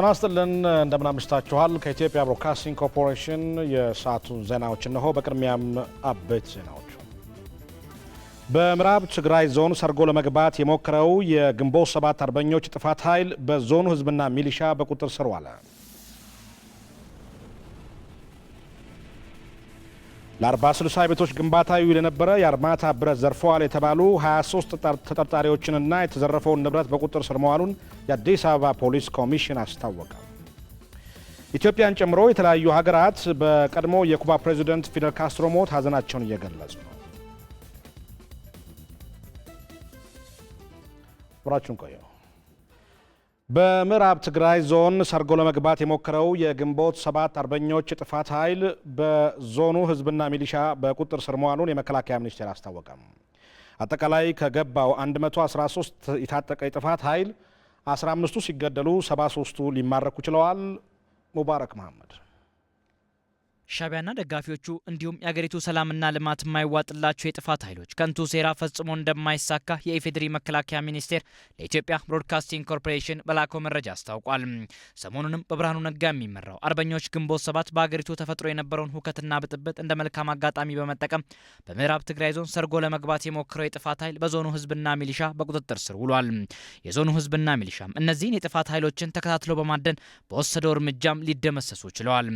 ጤና ይስጥልን እንደምን አምሽታችኋል። ከኢትዮጵያ ብሮድካስቲንግ ኮርፖሬሽን የሰዓቱን ዜናዎች እነሆ። በቅድሚያም አበይት ዜናዎች። በምዕራብ ትግራይ ዞን ሰርጎ ለመግባት የሞከረው የግንቦት ሰባት አርበኞች ጥፋት ኃይል በዞኑ ህዝብና ሚሊሻ በቁጥር ስር ዋለ። ለአርባ ስልሳ ቤቶች ግንባታ ይውል የነበረ የአርማታ ብረት ዘርፈዋል የተባሉ 23 ተጠርጣሪዎችንና የተዘረፈውን ንብረት በቁጥር ስር መዋሉን የአዲስ አበባ ፖሊስ ኮሚሽን አስታወቀ። ኢትዮጵያን ጨምሮ የተለያዩ ሀገራት በቀድሞ የኩባ ፕሬዚደንት ፊደል ካስትሮ ሞት ሀዘናቸውን እየገለጹ ነው። ቆዩ። በምዕራብ ትግራይ ዞን ሰርጎ ለመግባት የሞከረው የግንቦት ሰባት አርበኞች የጥፋት ኃይል በዞኑ ህዝብና ሚሊሻ በቁጥጥር ስር መዋሉን የመከላከያ ሚኒስቴር አስታወቀም። አጠቃላይ ከገባው 113 የታጠቀ የጥፋት ኃይል 15ቱ ሲገደሉ 73ቱ ሊማረኩ ችለዋል። ሙባረክ መሐመድ ሻቢያና ደጋፊዎቹ እንዲሁም የአገሪቱ ሰላምና ልማት የማይዋጥላቸው የጥፋት ኃይሎች ከንቱ ሴራ ፈጽሞ እንደማይሳካ የኢፌዴሪ መከላከያ ሚኒስቴር ለኢትዮጵያ ብሮድካስቲንግ ኮርፖሬሽን በላከው መረጃ አስታውቋል። ሰሞኑንም በብርሃኑ ነጋ የሚመራው አርበኞች ግንቦት ሰባት በአገሪቱ ተፈጥሮ የነበረውን ሁከትና ብጥብጥ እንደ መልካም አጋጣሚ በመጠቀም በምዕራብ ትግራይ ዞን ሰርጎ ለመግባት የሞክረው የጥፋት ኃይል በዞኑ ህዝብና ሚሊሻ በቁጥጥር ስር ውሏል። የዞኑ ህዝብና ሚሊሻም እነዚህን የጥፋት ኃይሎችን ተከታትሎ በማደን በወሰደው እርምጃም ሊደመሰሱ ችለዋል።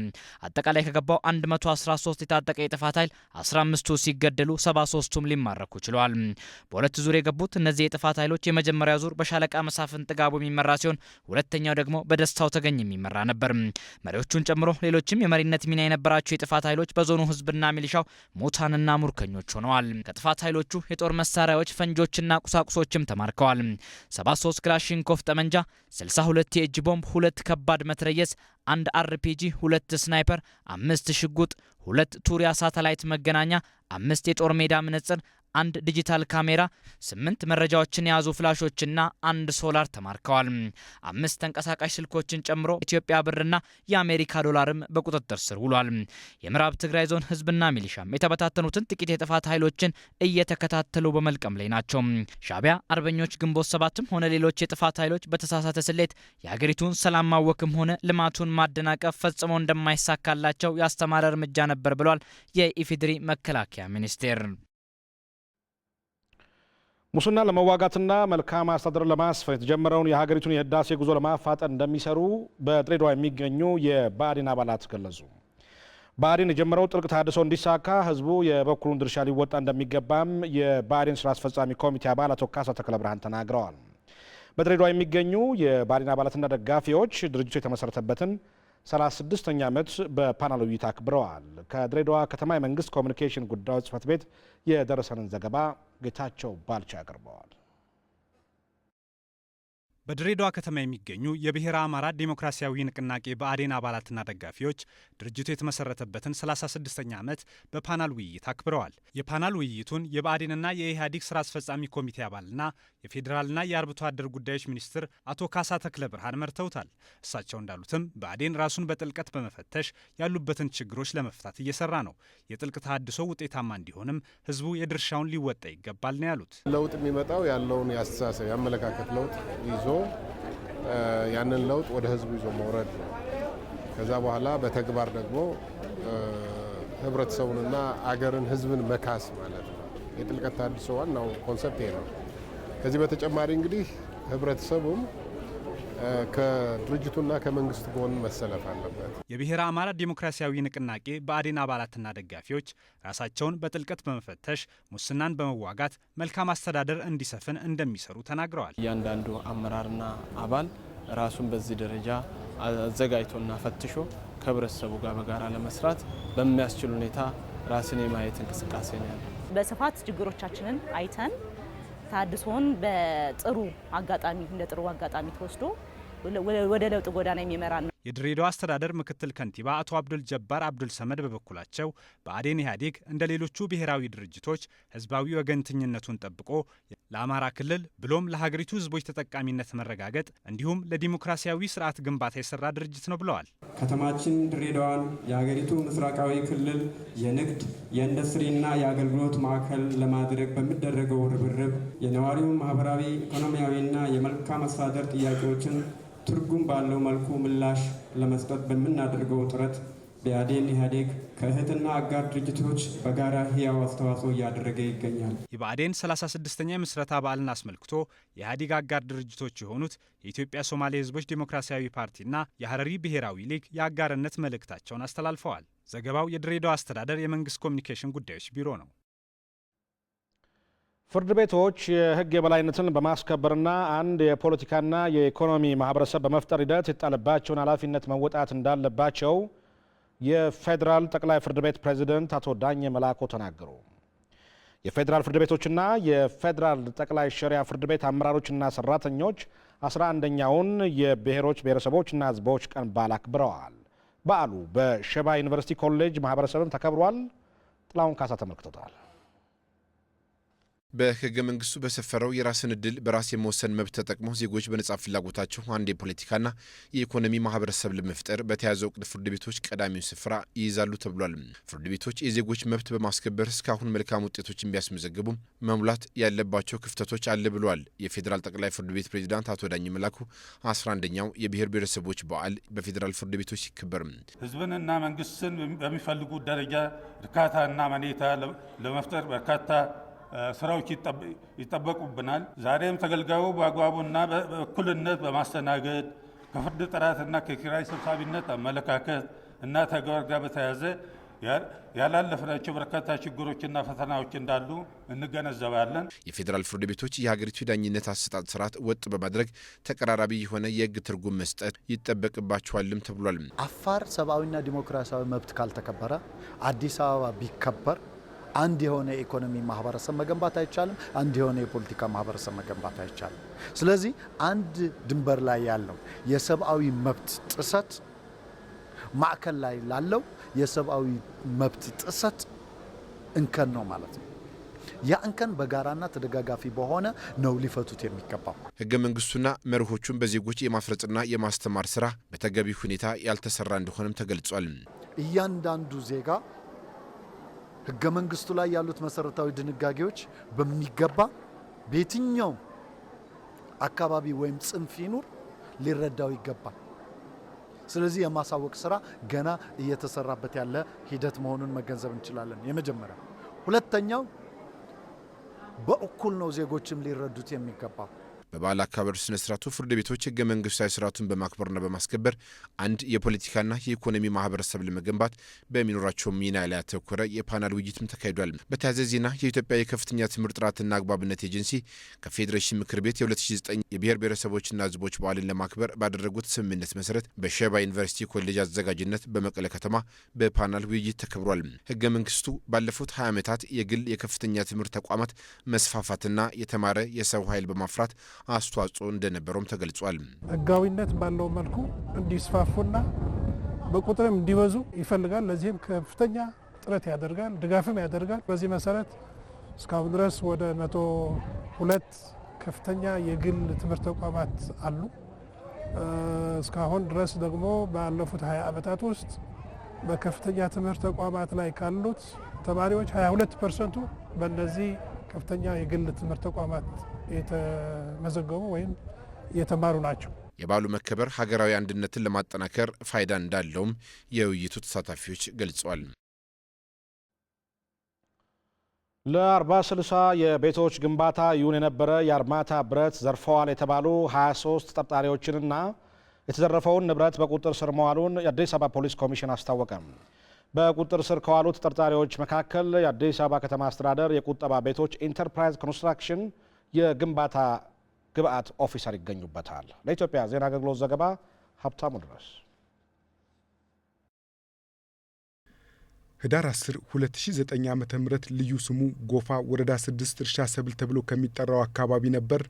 አጠቃላይ ከገባው 113 የታጠቀ የጥፋት ኃይል 15ቱ ሲገደሉ 73ቱም ሊማረኩ ችለዋል። በሁለት ዙር የገቡት እነዚህ የጥፋት ኃይሎች የመጀመሪያ ዙር በሻለቃ መሳፍን ጥጋቡ የሚመራ ሲሆን ሁለተኛው ደግሞ በደስታው ተገኝ የሚመራ ነበር። መሪዎቹን ጨምሮ ሌሎችም የመሪነት ሚና የነበራቸው የጥፋት ኃይሎች በዞኑ ህዝብና ሚሊሻው ሙታንና ሙርከኞች ሆነዋል። ከጥፋት ኃይሎቹ የጦር መሳሪያዎች፣ ፈንጆችና ቁሳቁሶችም ተማርከዋል። 73 ክላሽንኮፍ ጠመንጃ፣ 62 የእጅ ቦምብ፣ ሁለት ከባድ መትረየስ አንድ አርፒጂ፣ ሁለት ስናይፐር፣ አምስት ሽጉጥ፣ ሁለት ቱሪያ ሳተላይት መገናኛ፣ አምስት የጦር ሜዳ መነጽር፣ አንድ ዲጂታል ካሜራ፣ ስምንት መረጃዎችን የያዙ ፍላሾችና አንድ ሶላር ተማርከዋል። አምስት ተንቀሳቃሽ ስልኮችን ጨምሮ ኢትዮጵያ ብርና የአሜሪካ ዶላርም በቁጥጥር ስር ውሏል። የምዕራብ ትግራይ ዞን ህዝብና ሚሊሻም የተበታተኑትን ጥቂት የጥፋት ኃይሎችን እየተከታተሉ በመልቀም ላይ ናቸው። ሻቢያ አርበኞች ግንቦት ሰባትም ሆነ ሌሎች የጥፋት ኃይሎች በተሳሳተ ስሌት የሀገሪቱን ሰላም ማወክም ሆነ ልማቱን ማደናቀፍ ፈጽሞ እንደማይሳካላቸው ያስተማረ እርምጃ ነበር ብሏል የኢፌዴሪ መከላከያ ሚኒስቴር። ሙስና ለመዋጋትና መልካም አስተዳደር ለማስፈን የተጀመረውን የሀገሪቱን የህዳሴ ጉዞ ለማፋጠን እንደሚሰሩ በድሬዳዋ የሚገኙ የባዕዴን አባላት ገለጹ። ባዕዴን የጀመረው ጥልቅ ተሃድሶ እንዲሳካ ህዝቡ የበኩሉን ድርሻ ሊወጣ እንደሚገባም የባዕዴን ስራ አስፈጻሚ ኮሚቴ አባል አቶ ካሳ ተክለ ብርሃን ተናግረዋል። በድሬዳዋ የሚገኙ የባዕዴን አባላትና ደጋፊዎች ድርጅቱ የተመሰረተበትን 36ኛ ዓመት በፓናል ውይይት አክብረዋል። ከድሬዳዋ ከተማ የመንግስት ኮሚኒኬሽን ጉዳዮች ጽህፈት ቤት የደረሰንን ዘገባ ጌታቸው ባልቻ ያቀርበዋል። በድሬዳዋ ከተማ የሚገኙ የብሔረ አማራ ዴሞክራሲያዊ ንቅናቄ በአዴን አባላትና ደጋፊዎች ድርጅቱ የተመሰረተበትን 36ኛ ዓመት በፓናል ውይይት አክብረዋል። የፓናል ውይይቱን የብአዴንና የኢህአዴግ ስራ አስፈጻሚ ኮሚቴ አባልና የፌዴራልና የአርብቶ አደር ጉዳዮች ሚኒስትር አቶ ካሳ ተክለ ብርሃን መርተውታል። እሳቸው እንዳሉትም ብአዴን ራሱን በጥልቀት በመፈተሽ ያሉበትን ችግሮች ለመፍታት እየሰራ ነው። የጥልቅ ተሃድሶ ውጤታማ እንዲሆንም ህዝቡ የድርሻውን ሊወጣ ይገባል ነው ያሉት። ለውጥ የሚመጣው ያለውን የአስተሳሰብ የአመለካከት ለውጥ ይዞ ያንን ለውጥ ወደ ህዝቡ ይዞ መውረድ ነው። ከዛ በኋላ በተግባር ደግሞ ህብረተሰቡንና አገርን ህዝብን መካስ ማለት ነው። የጥልቀት ተሃድሶ ዋናው ኮንሰፕት ይሄ ነው። ከዚህ በተጨማሪ እንግዲህ ህብረተሰቡም ከድርጅቱና ከመንግስት ጎን መሰለፍ አለበት። የብሔረ አማራ ዴሞክራሲያዊ ንቅናቄ ብአዴን አባላትና ደጋፊዎች ራሳቸውን በጥልቀት በመፈተሽ ሙስናን በመዋጋት መልካም አስተዳደር እንዲሰፍን እንደሚሰሩ ተናግረዋል። እያንዳንዱ አመራርና አባል ራሱን በዚህ ደረጃ አዘጋጅቶና ፈትሾ ከህብረተሰቡ ጋር በጋራ ለመስራት በሚያስችል ሁኔታ ራስን የማየት እንቅስቃሴ ነው ያለ። በስፋት ችግሮቻችንን አይተን ታድሶን በጥሩ አጋጣሚ እንደ ጥሩ አጋጣሚ ተወስዶ ወደ ለውጥ ጎዳና የሚመራ ነው። የድሬዳዋ አስተዳደር ምክትል ከንቲባ አቶ አብዱል ጀባር አብዱል ሰመድ በበኩላቸው በአዴን ኢህአዴግ እንደ ሌሎቹ ብሔራዊ ድርጅቶች ህዝባዊ ወገንተኝነቱን ጠብቆ ለአማራ ክልል ብሎም ለሀገሪቱ ህዝቦች ተጠቃሚነት መረጋገጥ እንዲሁም ለዲሞክራሲያዊ ስርዓት ግንባታ የሰራ ድርጅት ነው ብለዋል። ከተማችን ድሬዳዋን የሀገሪቱ ምስራቃዊ ክልል የንግድ የኢንዱስትሪና የአገልግሎት ማዕከል ለማድረግ በሚደረገው ርብርብ የነዋሪው ማህበራዊ ኢኮኖሚያዊና የመልካም አስተዳደር ጥያቄዎችን ትርጉም ባለው መልኩ ምላሽ ለመስጠት በምናደርገው ጥረት ብአዴን ኢህአዴግ ከእህትና አጋር ድርጅቶች በጋራ ህያው አስተዋጽኦ እያደረገ ይገኛል። የብአዴን 36ኛ የምስረታ በዓልን አስመልክቶ የኢህአዴግ አጋር ድርጅቶች የሆኑት የኢትዮጵያ ሶማሌ ህዝቦች ዴሞክራሲያዊ ፓርቲና የሀረሪ ብሔራዊ ሊግ የአጋርነት መልእክታቸውን አስተላልፈዋል። ዘገባው የድሬዳዋ አስተዳደር የመንግስት ኮሚኒኬሽን ጉዳዮች ቢሮ ነው። ፍርድ ቤቶች የህግ የበላይነትን በማስከበርና አንድ የፖለቲካና የኢኮኖሚ ማህበረሰብ በመፍጠር ሂደት የጣለባቸውን ኃላፊነት መወጣት እንዳለባቸው የፌዴራል ጠቅላይ ፍርድ ቤት ፕሬዚደንት አቶ ዳኘ መላኮ ተናገሩ። የፌዴራል ፍርድ ቤቶችና የፌዴራል ጠቅላይ ሸሪያ ፍርድ ቤት አመራሮችና ሰራተኞች አስራ አንደኛውን የብሔሮች ብሔረሰቦችና ህዝቦች ቀን በዓል አክብረዋል። በዓሉ በሸባ ዩኒቨርሲቲ ኮሌጅ ማህበረሰብም ተከብሯል። ጥላሁን ካሳ ተመልክቶታል። በህገ መንግስቱ በሰፈረው የራስን እድል በራስ የመወሰን መብት ተጠቅሞ ዜጎች በነጻ ፍላጎታቸው አንድ የፖለቲካና የኢኮኖሚ ማህበረሰብ ለመፍጠር በተያዘው እቅድ ፍርድ ቤቶች ቀዳሚውን ስፍራ ይይዛሉ ተብሏል። ፍርድ ቤቶች የዜጎች መብት በማስከበር እስካሁን መልካም ውጤቶችን ቢያስመዘግቡም መሙላት ያለባቸው ክፍተቶች አለ ብለዋል። የፌዴራል ጠቅላይ ፍርድ ቤት ፕሬዚዳንት አቶ ዳኝ መላኩ 11ኛው የብሔር ብሔረሰቦች በዓል በፌዴራል ፍርድ ቤቶች ሲከበር ህዝብንና መንግስትን በሚፈልጉት ደረጃ እርካታና መኔታ ለመፍጠር በርካታ ስራዎች ይጠበቁብናል። ዛሬም ተገልጋዩ በአግባቡና በእኩልነት በማስተናገድ ከፍርድ ጥራትና ከኪራይ ሰብሳቢነት አመለካከት እና ተግባር ጋር በተያያዘ ያላለፍናቸው በርካታ ችግሮችና ፈተናዎች እንዳሉ እንገነዘባለን። የፌዴራል ፍርድ ቤቶች የሀገሪቱ የዳኝነት አሰጣጥ ስርዓት ወጥ በማድረግ ተቀራራቢ የሆነ የህግ ትርጉም መስጠት ይጠበቅባቸዋልም ተብሏል። አፋር ሰብአዊና ዲሞክራሲያዊ መብት ካልተከበረ አዲስ አበባ ቢከበር አንድ የሆነ የኢኮኖሚ ማህበረሰብ መገንባት አይቻልም። አንድ የሆነ የፖለቲካ ማህበረሰብ መገንባት አይቻልም። ስለዚህ አንድ ድንበር ላይ ያለው የሰብአዊ መብት ጥሰት ማዕከል ላይ ላለው የሰብአዊ መብት ጥሰት እንከን ነው ማለት ነው። ያ እንከን በጋራና ተደጋጋፊ በሆነ ነው ሊፈቱት የሚገባው። ህገ መንግስቱና መርሆቹን በዜጎች የማፍረጥና የማስተማር ስራ በተገቢ ሁኔታ ያልተሰራ እንደሆነም ተገልጿል። እያንዳንዱ ዜጋ ህገ መንግስቱ ላይ ያሉት መሰረታዊ ድንጋጌዎች በሚገባ በየትኛውም አካባቢ ወይም ጽንፍ ይኑር ሊረዳው ይገባል። ስለዚህ የማሳወቅ ስራ ገና እየተሰራበት ያለ ሂደት መሆኑን መገንዘብ እንችላለን። የመጀመሪያው። ሁለተኛው በእኩል ነው ዜጎችም ሊረዱት የሚገባው። በበዓል አካባቢ ስነ ስርዓቱ ፍርድ ቤቶች ህገ መንግስታዊ ስርዓቱን በማክበርና በማስከበር አንድ የፖለቲካና የኢኮኖሚ ማህበረሰብ ለመገንባት በሚኖራቸው ሚና ላይ ያተኮረ የፓናል ውይይትም ተካሂዷል። በተያያዘ ዜና የኢትዮጵያ የከፍተኛ ትምህርት ጥራትና አግባብነት ኤጀንሲ ከፌዴሬሽን ምክር ቤት የ2009 የብሔር ብሔረሰቦችና ህዝቦች በዓልን ለማክበር ባደረጉት ስምምነት መሰረት በሸባ ዩኒቨርሲቲ ኮሌጅ አዘጋጅነት በመቀለ ከተማ በፓናል ውይይት ተከብሯል። ህገ መንግስቱ ባለፉት 20 ዓመታት የግል የከፍተኛ ትምህርት ተቋማት መስፋፋትና የተማረ የሰው ኃይል በማፍራት አስተዋጽኦ እንደነበረውም ተገልጿል። ህጋዊነት ባለው መልኩ እንዲስፋፉና በቁጥርም እንዲበዙ ይፈልጋል። ለዚህም ከፍተኛ ጥረት ያደርጋል፣ ድጋፍም ያደርጋል። በዚህ መሰረት እስካሁን ድረስ ወደ መቶ ሁለት ከፍተኛ የግል ትምህርት ተቋማት አሉ። እስካሁን ድረስ ደግሞ ባለፉት ሀያ ዓመታት ውስጥ በከፍተኛ ትምህርት ተቋማት ላይ ካሉት ተማሪዎች 22 ፐርሰንቱ በእነዚህ ከፍተኛ የግል ትምህርት ተቋማት የተመዘገቡ ወይም የተማሩ ናቸው። የበዓሉ መከበር ሀገራዊ አንድነትን ለማጠናከር ፋይዳ እንዳለውም የውይይቱ ተሳታፊዎች ገልጿል። ለአርባ ስልሳ የቤቶች ግንባታ ይሁን የነበረ የአርማታ ብረት ዘርፈዋል የተባሉ 23 ተጠርጣሪዎችንና የተዘረፈውን ንብረት በቁጥር ስር መዋሉን የአዲስ አበባ ፖሊስ ኮሚሽን አስታወቀ። በቁጥጥር ስር ከዋሉ ተጠርጣሪዎች መካከል የአዲስ አበባ ከተማ አስተዳደር የቁጠባ ቤቶች ኢንተርፕራይዝ ኮንስትራክሽን የግንባታ ግብአት ኦፊሰር ይገኙበታል። ለኢትዮጵያ ዜና አገልግሎት ዘገባ ሀብታሙ ድረስ ህዳር 10 2009 ዓ ም ልዩ ስሙ ጎፋ ወረዳ 6 እርሻ ሰብል ተብሎ ከሚጠራው አካባቢ ነበር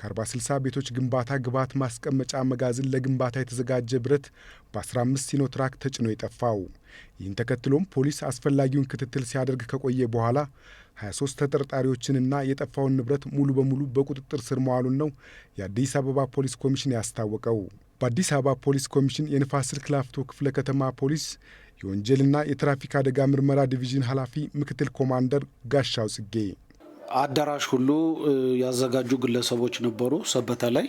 ከ40/60 ቤቶች ግንባታ ግብዓት ማስቀመጫ መጋዘን ለግንባታ የተዘጋጀ ብረት በ15 ሲኖትራክ ተጭኖ የጠፋው። ይህን ተከትሎም ፖሊስ አስፈላጊውን ክትትል ሲያደርግ ከቆየ በኋላ 23 ተጠርጣሪዎችንና የጠፋውን ንብረት ሙሉ በሙሉ በቁጥጥር ስር መዋሉን ነው የአዲስ አበባ ፖሊስ ኮሚሽን ያስታወቀው። በአዲስ አበባ ፖሊስ ኮሚሽን የንፋስ ስልክ ላፍቶ ክፍለ ከተማ ፖሊስ የወንጀልና የትራፊክ አደጋ ምርመራ ዲቪዥን ኃላፊ ምክትል ኮማንደር ጋሻው ጽጌ አዳራሽ ሁሉ ያዘጋጁ ግለሰቦች ነበሩ። ሰበታ ላይ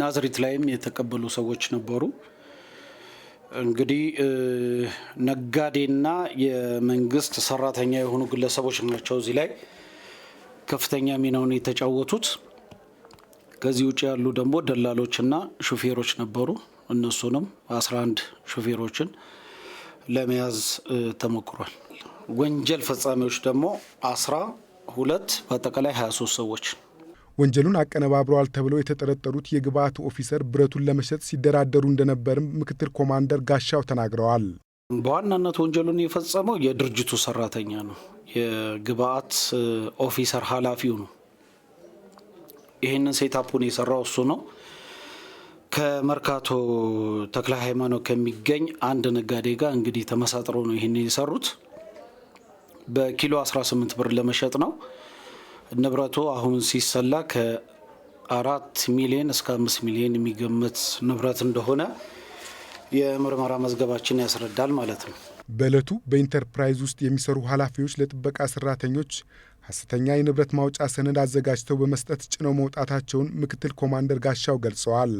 ናዝሪት ላይም የተቀበሉ ሰዎች ነበሩ። እንግዲህ ነጋዴና የመንግስት ሰራተኛ የሆኑ ግለሰቦች ናቸው እዚህ ላይ ከፍተኛ ሚናውን የተጫወቱት። ከዚህ ውጭ ያሉ ደግሞ ደላሎችና ሹፌሮች ነበሩ። እነሱንም አንድ ሹፌሮችን ለመያዝ ተሞክሯል። ወንጀል ፈጻሚዎች ደግሞ አስራ ሁለት በአጠቃላይ 23 ሰዎች ወንጀሉን አቀነባብረዋል ተብለው የተጠረጠሩት የግብአት ኦፊሰር ብረቱን ለመሸጥ ሲደራደሩ እንደነበርም ምክትል ኮማንደር ጋሻው ተናግረዋል። በዋናነት ወንጀሉን የፈጸመው የድርጅቱ ሰራተኛ ነው። የግብአት ኦፊሰር ኃላፊው ነው። ይህንን ሴታፑን የሰራው እሱ ነው። ከመርካቶ ተክለ ሃይማኖት ከሚገኝ አንድ ነጋዴ ጋር እንግዲህ ተመሳጥሮ ነው ይህን የሰሩት። በኪሎ 18 ብር ለመሸጥ ነው። ንብረቱ አሁን ሲሰላ ከአራት ሚሊዮን እስከ አምስት ሚሊዮን የሚገመት ንብረት እንደሆነ የምርመራ መዝገባችን ያስረዳል ማለት ነው። በእለቱ በኢንተርፕራይዝ ውስጥ የሚሰሩ ኃላፊዎች ለጥበቃ ሰራተኞች ሐሰተኛ የንብረት ማውጫ ሰነድ አዘጋጅተው በመስጠት ጭነው መውጣታቸውን ምክትል ኮማንደር ጋሻው ገልጸዋል።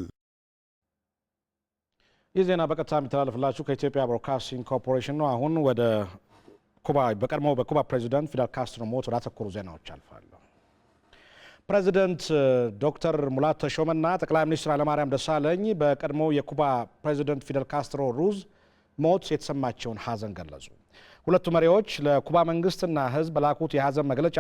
ይህ ዜና በቀጥታ የሚተላለፍላችሁ ከኢትዮጵያ ብሮድካስቲንግ ኮርፖሬሽን ነው። አሁን ወደ ኩባ በቀድሞ በኩባ ፕሬዚደንት ፊደል ካስትሮ ሞት ወደ ዜናዎች አልፋለሁ። ፕሬዚደንት ዶክተር ሙላት ተሾመና ጠቅላይ ሚኒስትር ኃይለማርያም ደሳለኝ በቀድሞ የኩባ ፕሬዚደንት ፊደል ካስትሮ ሩዝ ሞት የተሰማቸውን ሀዘን ገለጹ። ሁለቱ መሪዎች ለኩባ መንግስትና ህዝብ በላኩት የሀዘን መግለጫ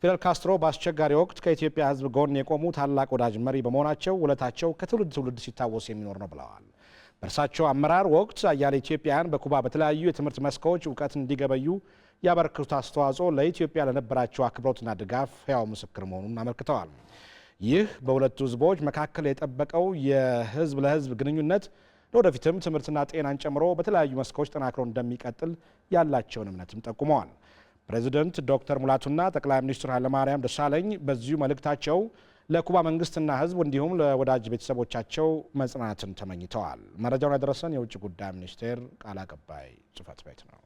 ፊደል ካስትሮ በአስቸጋሪ ወቅት ከኢትዮጵያ ህዝብ ጎን የቆሙ ታላቅ ወዳጅ መሪ በመሆናቸው ውለታቸው ከትውልድ ትውልድ ሲታወስ የሚኖር ነው ብለዋል። በእርሳቸው አመራር ወቅት አያሌ ኢትዮጵያውያን በኩባ በተለያዩ የትምህርት መስኮች እውቀት እንዲገበዩ ያበረከቱት አስተዋጽኦ ለኢትዮጵያ ለነበራቸው አክብሮትና ድጋፍ ሕያው ምስክር መሆኑን አመልክተዋል። ይህ በሁለቱ ህዝቦች መካከል የጠበቀው የህዝብ ለህዝብ ግንኙነት ለወደፊትም ትምህርትና ጤናን ጨምሮ በተለያዩ መስኮች ጠናክሮ እንደሚቀጥል ያላቸውን እምነትም ጠቁመዋል። ፕሬዚደንት ዶክተር ሙላቱና ጠቅላይ ሚኒስትር ኃይለማርያም ደሳለኝ በዚሁ መልእክታቸው ለኩባ መንግስትና ሕዝብ እንዲሁም ለወዳጅ ቤተሰቦቻቸው መጽናትን ተመኝተዋል። መረጃውን ያደረሰን የውጭ ጉዳይ ሚኒስቴር ቃል አቀባይ ጽህፈት ቤት ነው።